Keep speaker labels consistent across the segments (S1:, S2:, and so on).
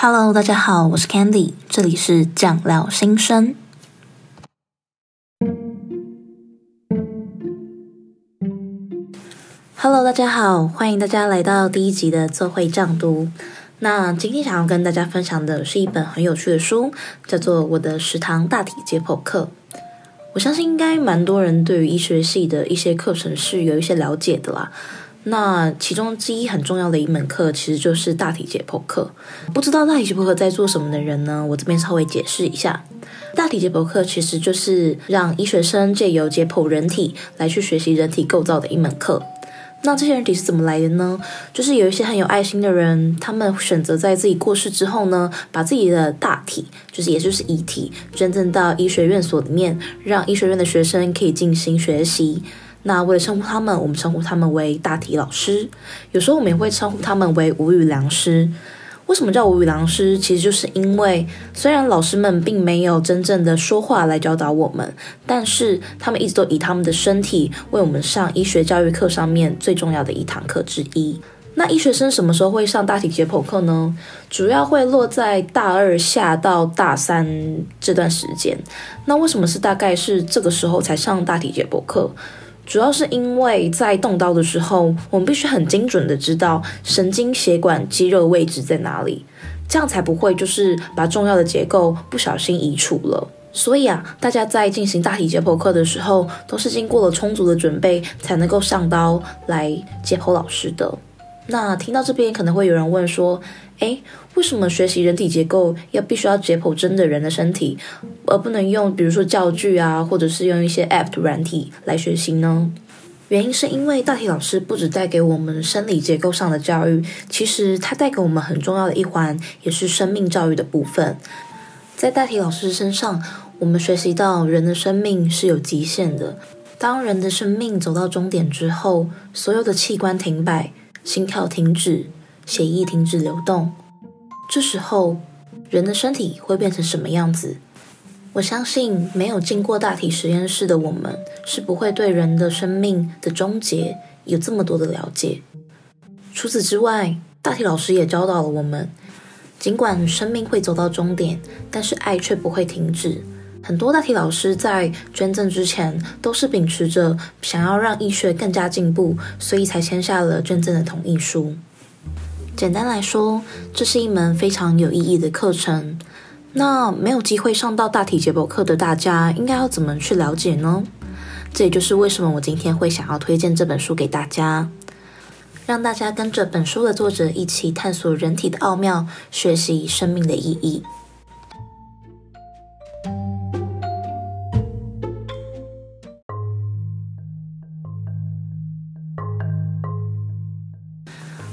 S1: Hello，大家好，我是 Candy，這裡是醬料新生。Hello，大家好，歡迎大家來到第一集的作伙醬讀。那今天想要跟大家分享的是一本很有趣的書，叫做《我的十堂大體解剖課》。我相信應該蠻多人對於醫學系的一些課程是有一些了解的啦。那其中之一很重要的一門課，其實就是大體解剖課。不知道大體解剖課在做什麼的人呢，我這邊稍微解釋一下，大體解剖課其實就是讓醫學生借由解剖人體來去學習人體構造的一門課。那這些人體是怎麼來的呢？就是有一些很有愛心的人，他們選擇在自己過世之後呢，把自己的大體，就是也就是遺體，捐贈到醫學院所裡面，讓醫學院的學生可以進行學習。那為了稱呼他們，我們稱呼他們為大體老師。有時候我們也會稱呼他們為無語良師。為什麼叫無語良師？其實就是因為雖然老師們並沒有真正的說話來教導我們，但是他們一直都以他們的身體為我們上醫學教育課上面最重要的一堂課之一。那醫學生什麼時候會上大體解剖課呢？主要會落在大二下到大三這段時間。那為什麼是大概是這個時候才上大體解剖課？主要是因為在動刀的時候，我們必須很精準的知道神經、血管、肌肉的位置在哪裡，這樣才不會就是把重要的結構不小心移除了。所以啊，大家在進行大體解剖課的時候，都是經過了充足的準備才能夠上刀來解剖老師的。那聽到這邊，可能會有人問說：“誒，為什麼學習人體結構要必須要解剖真的人的身體，而不能用比如說教具啊，或者是用一些 APP 軟體來學習呢？”原因是因為大體老師不只帶給我們生理結構上的教育，其實他帶給我們很重要的一環，也是生命教育的部分。在大體老師身上，我們學習到人的生命是有極限的。當人的生命走到終點之後，所有的器官停擺。心跳停止，血液停止流動，這時候人的身體會變成什麼樣子？我相信沒有進過大體實驗室的我們，是不會對人的生命的終結有這麼多的了解。除此之外，大體老師也教導了我們，儘管生命會走到終點，但是愛卻不會停止。很多大體老師在捐贈之前都是秉持着想要讓醫學更加進步，所以才簽下了捐贈的同意書。簡單來說，這是一門非常有意義的課程。那沒有機會上到大體解剖課的大家，應該要怎麼去了解呢？這也就是為什麼我今天會想要推薦這本書給大家，讓大家跟着本書的作者一起探索人體的奧妙，學習生命的意義。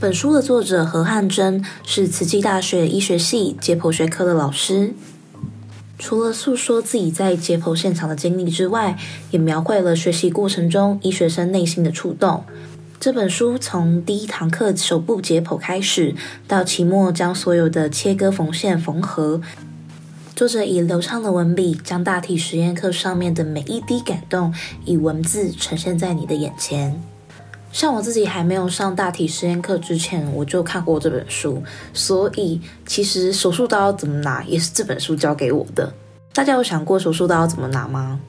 S1: 本書的作者何翰蓁是慈濟大學醫學系解剖學科的老師。除了訴說自己在解剖現場的經歷之外，也描繪了學習過程中醫學生內心的觸動。這本書從第一堂課手部解剖開始，到期末將所有的切割、縫線、縫合，作者以流暢的文筆，將大體實驗課上面的每一滴感動，以文字呈現在你的眼前。像我自己還沒有上大體實驗課之前，我就看過這本書，所以其實手術刀要怎麼拿也是這本書教給我的。大家有想過手術刀要怎麼拿嗎？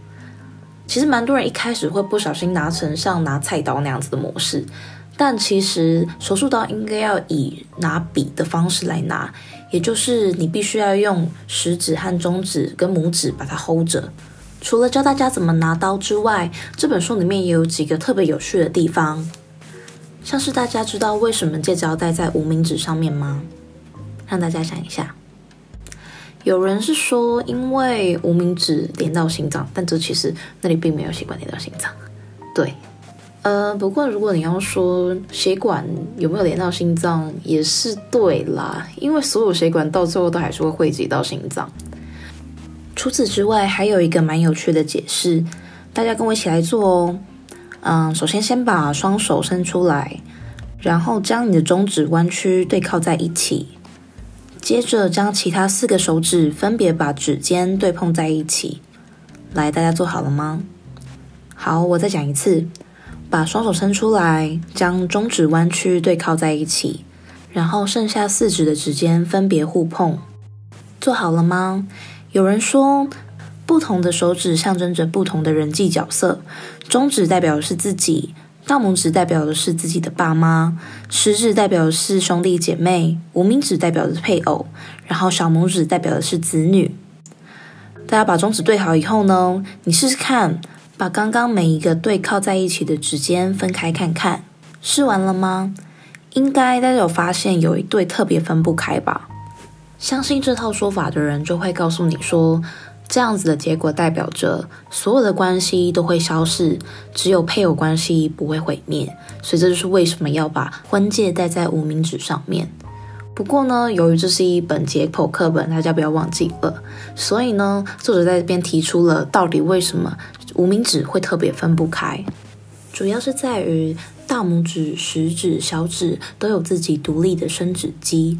S1: 其實蠻多人一開始會不小心拿成像拿菜刀那樣子的模式，但其實手術刀應該要以拿筆的方式來拿，也就是你必須要用食指和中指跟拇指把它 hold 着。除了教大家怎麼拿刀之外，這本書裡面也有幾個特別有趣的地方。像是大家知道為什麼戒指要戴在無名指上面嗎？讓大家想一下，有人是說因為無名指連到心臟，但這其實那裡並沒有血管連到心臟。對，呃，不過如果你要說血管有沒有連到心臟，也是對啦，因為所有血管到最後都還是會匯集到心臟。除此之外，還有一個蠻有趣的解釋，大家跟我一起來做哦。嗯，首先先把雙手伸出來，然後將你的中指彎曲對靠在一起，接着將其他四個手指分別把指尖對碰在一起。來，大家做好了嗎？好，我再講一次，把雙手伸出來，將中指彎曲對靠在一起，然後剩下四指的指尖分別互碰。做好了嗎？有人說。不同的手指象徵着不同的人際角色，中指代表的是自己，大拇指代表的是自己的爸媽，食指代表的是兄弟姐妹，無名指代表的是配偶，然後小拇指代表的是子女。大家把中指對好以後呢，你試試看，把剛剛每一個對靠在一起的指尖分開看看，試完了嗎？應該大家有發現有一對特別分不開吧？相信這套說法的人就會告訴你說，這樣子的結果代表着所有的關係都會消失，只有配偶關係不會毀滅。所以這就是為什麼要把婚戒戴在無名指上面。不過呢，由於這是一本解剖課本，大家不要忘記了。所以呢，作者在這邊提出了到底為什麼無名指會特別分不開，主要是在於大拇指、食指、小指都有自己獨立的伸指肌。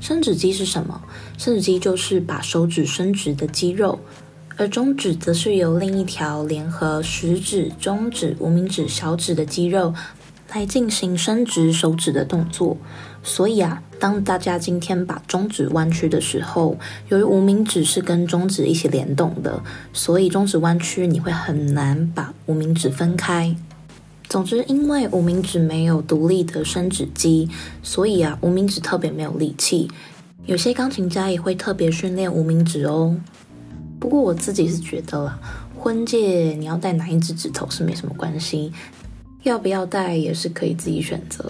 S1: 伸指肌是什麼？伸指肌就是把手指伸直的肌肉，而中指則是由另一條聯合食指、中指、無名指、小指的肌肉來進行伸直手指的動作。所以啊，當大家今天把中指彎曲的時候，由於無名指是跟中指一起聯動的，所以中指彎曲，你會很難把無名指分開。總之，因為無名指沒有獨立的伸指肌，所以啊，無名指特別沒有力氣。有些鋼琴家也會特別訓練無名指哦。不過我自己是覺得啦，婚戒你要戴哪一隻指頭是沒什麼關係，要不要戴也是可以自己選擇。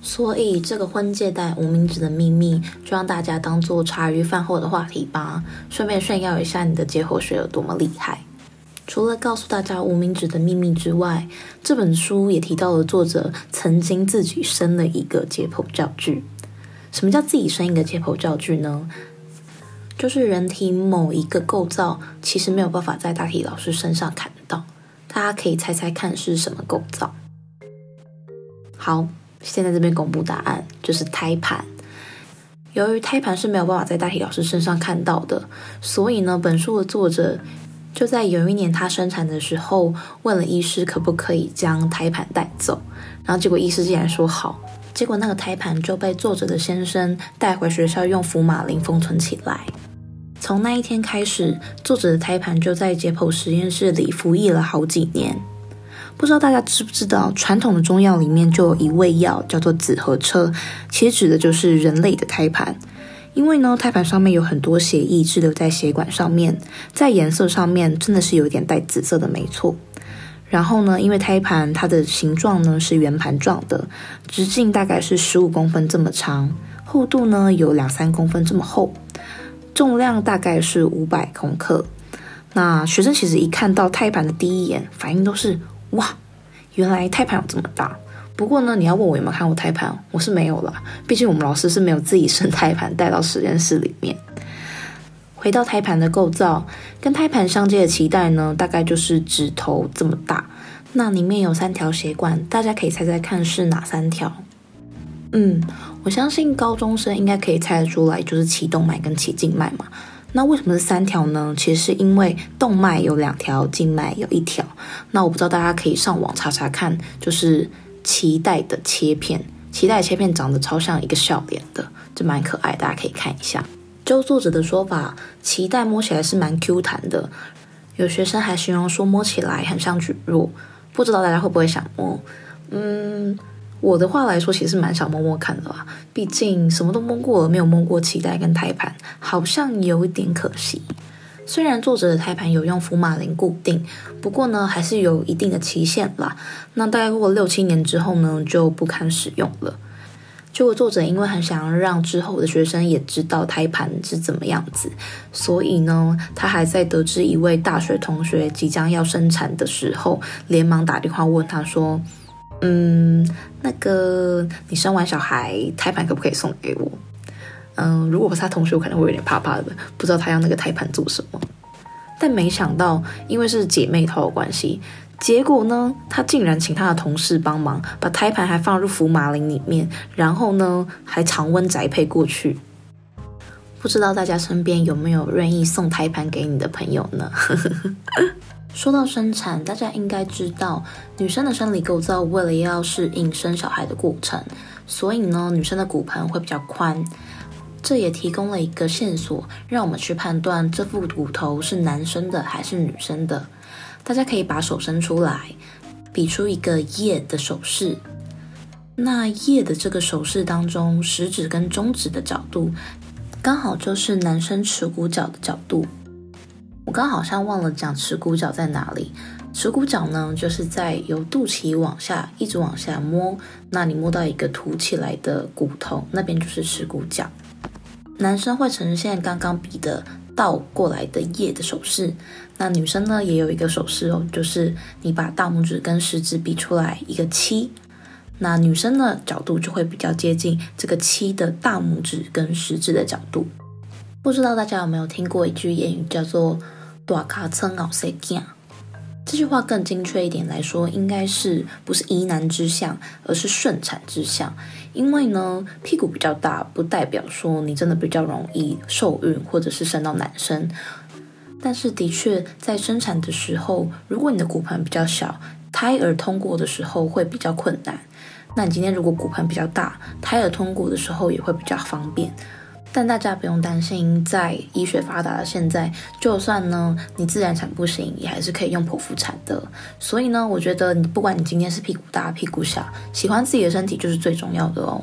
S1: 所以這個婚戒帶無名指的秘密，就讓大家當做茶餘飯後的話題吧，順便炫耀一下你的解剖學有多麼厲害。除了告訴大家無名指的秘密之外，這本書也提到了作者曾經自己生了一個解剖教具。什麼叫自己生一個解剖教具呢？就是人體某一個構造，其實沒有辦法在大體老師身上看到。大家可以猜猜看是什麼構造？好，現在這邊公布答案，就是胎盤。由於胎盤是沒有辦法在大體老師身上看到的，所以呢，本書的作者，就在有一年他生產的時候，問了醫師可不可以將胎盤帶走，然後結果醫師竟然說好，結果那個胎盤就被作者的先生帶回學校用福馬林封存起來。從那一天開始，作者的胎盤就在解剖實驗室裡服役了好幾年。不知道大家知不知道，傳統的中藥裡面就有一味藥叫做紫河車，其實指的就是人類的胎盤。因為呢，胎盤上面有很多血液滯留在血管上面，在顏色上面真的是有點帶紫色的，沒錯。然後呢，因為胎盤它的形狀呢是圓盤狀的，直徑大概是十五公分這麼長，厚度呢有兩三公分這麼厚，重量大概是五百公克。那學生其實一看到胎盤的第一眼，反應都是哇，原來胎盤有這麼大。不過呢，你要問我有沒有看過胎盤，我是沒有了。畢竟我們老師是沒有自己生胎盤帶到實驗室裡面。回到胎盤的構造，跟胎盤相接的臍帶呢，大概就是指頭這麼大。那裡面有三條血管，大家可以猜猜看是哪三條？嗯，我相信高中生應該可以猜得出來，就是臍動脈跟臍靜脈嘛。那為什麼是三條呢？其實是因為動脈有兩條，靜脈有一條。那我不知道大家可以上網查查看，就是。臍帶的切片，臍帶切片長得超像一個笑臉的，就蠻可愛的，大家可以看一下。就作者的說法，臍帶摸起來是蠻 Q 彈的，有學生還形容說摸起來很像蒟蒻，不知道大家會不會想摸？嗯，我的話來說，其實蠻想摸摸看的吧，畢竟什麼都摸過了，沒有摸過臍帶跟胎盤，好像有一點可惜。雖然作者的胎盤有用福馬林固定，不過呢，還是有一定的期限啦。那大概過了六七年之後呢，就不堪使用了。結果作者因為很想要讓之後的學生也知道胎盤是怎麼樣子，所以呢，他還在得知一位大學同學即將要生產的時候，連忙打電話問他說：“嗯，那個，你生完小孩胎盤可不可以送給我？”嗯，如果和他同學，我可能會有點怕怕的，不知道他要那個胎盤做什麼。但沒想到，因為是姐妹淘的關係，結果呢，他竟然請他的同事幫忙把胎盤還放入福馬林裡面，然後呢，還常溫宅配過去。不知道大家身邊有沒有願意送胎盤給你的朋友呢？ 說到生產，大家應該知道，女生的生理構造為了要適應生小孩的過程，所以呢，女生的骨盆會比較寬。這也提供了一個線索，讓我們去判斷這副骨頭是男生的還是女生的。大家可以把手伸出來，比出一個耶的手勢。那耶的這個手勢當中，食指跟中指的角度，剛好就是男生恥骨角的角度。我剛好像忘了講恥骨角在哪裡。恥骨角呢，就是在由肚臍往下一直往下摸，那你摸到一個凸起來的骨頭，那邊就是恥骨角。男生會呈現剛剛比的倒過來的“耶”的手勢，那女生呢，也有一個手勢哦，就是你把大拇指跟食指比出來一個七，那女生的角度就會比較接近這個七的大拇指跟食指的角度。不知道大家有沒有聽過一句諺語，叫做“大尻川好生囝”。這句話更精確一點來說，應該是不是宜男之相，而是順產之相。因為呢，屁股比較大，不代表說你真的比較容易受孕，或者是生到男生。但是的確，在生產的時候，如果你的骨盆比較小，胎兒通過的時候會比較困難。那你今天如果骨盆比較大，胎兒通過的時候也會比較方便。但大家不用擔心，在醫學發達的現在，就算呢你自然產不行，也還是可以用剖腹產的。所以呢，我覺得你不管你今天是屁股大、屁股小，喜歡自己的身體就是最重要的哦。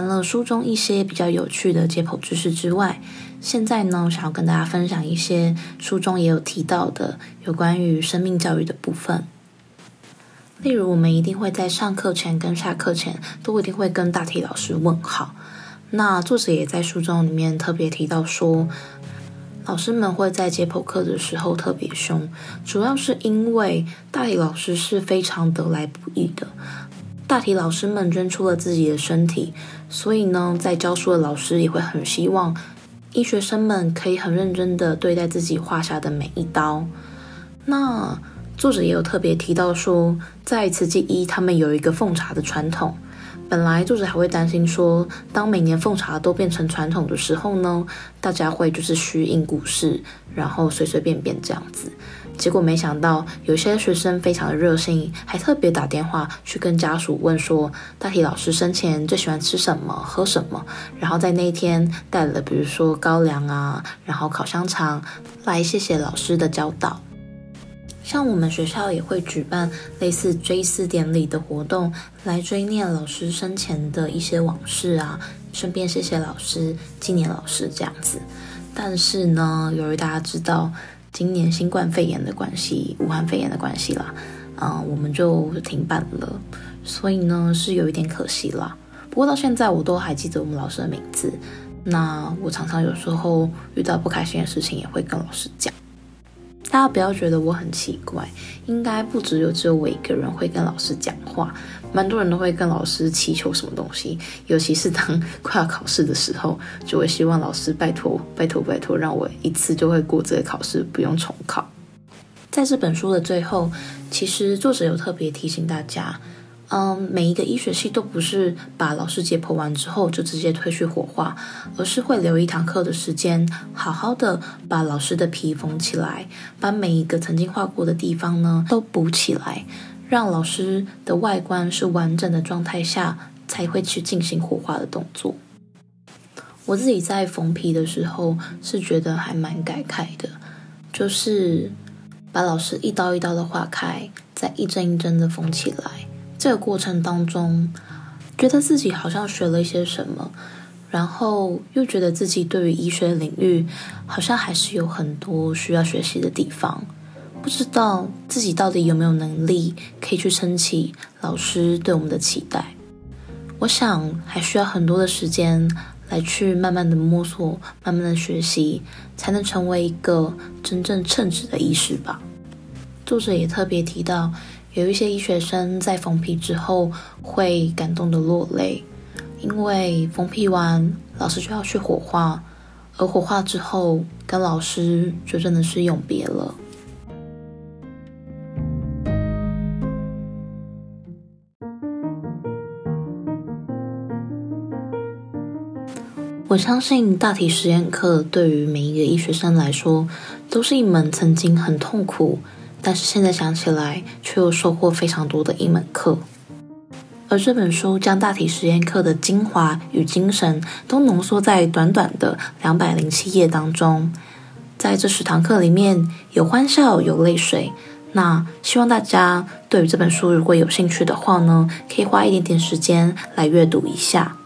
S1: 除了書中一些比較有趣的解剖知識之外，現在呢，想要跟大家分享一些書中也有提到的有關於生命教育的部分。例如，我們一定會在上課前跟下課前都一定會跟大體老師問好。那作者也在書中裡面特別提到說，老師們會在解剖課的時候特別凶，主要是因為大體老師是非常得來不易的。大體老師們捐出了自己的身體，所以呢，在教書的老師也會很希望醫學生們可以很認真的對待自己畫下的每一刀。那作者也有特別提到說，在慈濟醫他們有一個奉茶的傳統。本來作者還會擔心說，當每年奉茶都變成傳統的時候呢，大家會就是虛應故事，然後隨隨便便這樣子。結果沒想到，有些學生非常的熱心，還特別打電話去跟家屬問說，大體老師生前最喜歡吃什麼、喝什麼，然後在那一天帶了比如說高粱啊，然後烤香腸來謝謝老師的教導。像我們學校也會舉辦類似追思典禮的活動，來追念老師生前的一些往事啊，順便謝謝老師、紀念老師這樣子。但是呢，由於大家知道，今年新冠肺炎的關係，武漢肺炎的關係啦，嗯、呃，我們就停辦了，所以呢是有一點可惜啦。不過到現在我都還記得我們老師的名字，那我常常有時候遇到不開心的事情也會跟老師講。大家不要覺得我很奇怪，應該不只有只有我一個人會跟老師講話，蠻多人都會跟老師祈求什麼東西，尤其是當快要考試的時候，就會希望老師拜託拜託拜託，讓我一次就會過這個考試，不用重考。在這本書的最後，其實作者有特別提醒大家，嗯，um, 每一個醫學系都不是把老師解剖完之後就直接推去火化，而是會留一堂課的時間，好好的把老師的皮縫起來，把每一個曾經畫過的地方呢都補起來，讓老師的外觀是完整的狀態下才會去進行火化的動作。我自己在縫皮的時候是覺得還蠻感慨的，就是把老師一刀一刀的劃開，再一針一針的縫起來。這個過程當中，覺得自己好像學了一些什麼，然後又覺得自己對於醫學領域好像還是有很多需要學習的地方，不知道自己到底有沒有能力可以去撐起老師對我們的期待。我想還需要很多的時間來去慢慢的摸索，慢慢的學習，才能成為一個真正稱職的醫師吧。作者也特別提到，有一些醫學生在縫皮之後會感動的落淚，因為縫皮完，老師就要去火化，而火化之後，跟老師就真的是永別了。我相信大體實驗課對於每一個醫學生來說，都是一門曾經很痛苦。但是現在想起來，卻又收穫非常多的一門課。而這本書將大體實驗課的精華與精神都濃縮在短短的兩百零七頁當中。在這十堂課裡面，有歡笑，有淚水。那希望大家對於這本書如果有興趣的話呢，可以花一點點時間來閱讀一下。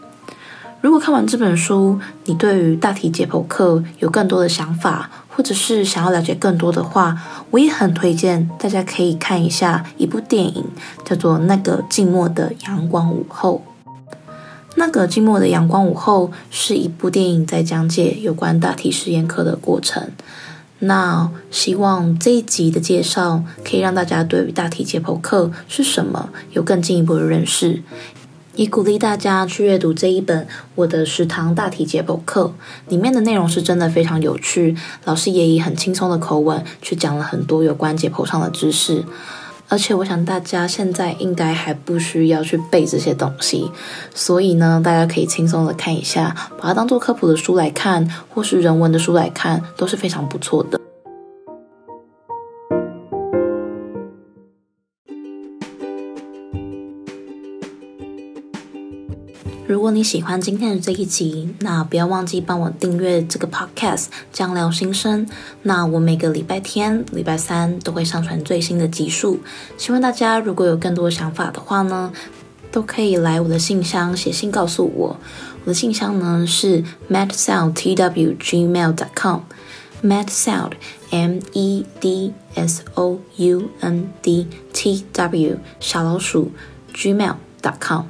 S1: 如果看完這本書，你對於大體解剖課有更多的想法，或者是想要了解更多的話，我也很推薦大家可以看一下一部電影，叫做《那個靜默的陽光午後》。那個靜默的陽光午後是一部電影，在講解有關大體實驗課的過程。那希望這一集的介紹可以讓大家對於大體解剖課是什麼有更進一步的認識。以鼓勵大家去閱讀這一本《我的十堂大體解剖課》，裡面的內容是真的非常有趣。老師也以很輕鬆的口吻去講了很多有關解剖上的知識，而且我想大家現在應該還不需要去背這些東西，所以呢，大家可以輕鬆的看一下，把它當做科普的書來看，或是人文的書來看，都是非常不錯的。如果你喜歡今天的這一集，那不要忘記幫我訂閱這個 podcast《醬聊新生》，那我每個禮拜天、禮拜三都會上傳最新的集數。希望大家如果有更多想法的話呢，都可以來我的信箱寫信告訴我。我的信箱呢是 medsoundtw gmail.com，medsound m, mail. Com, m, ound, m e d s o u n d t w 小老鼠 gmail.com。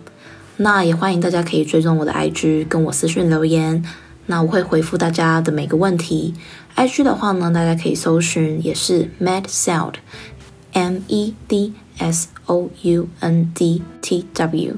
S1: 那也歡迎大家可以追蹤我的 IG，跟我私訊留言，那我會回復大家的每個問題。IG 的話呢，大家可以搜尋，也是 MedSound，M E D S O U N D T W。